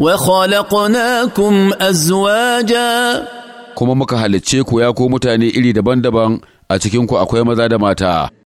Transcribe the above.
وخلقناكم أزواجا kuma muka halicce ku ya ko mutane iri daban-daban a cikinku akwai maza da mata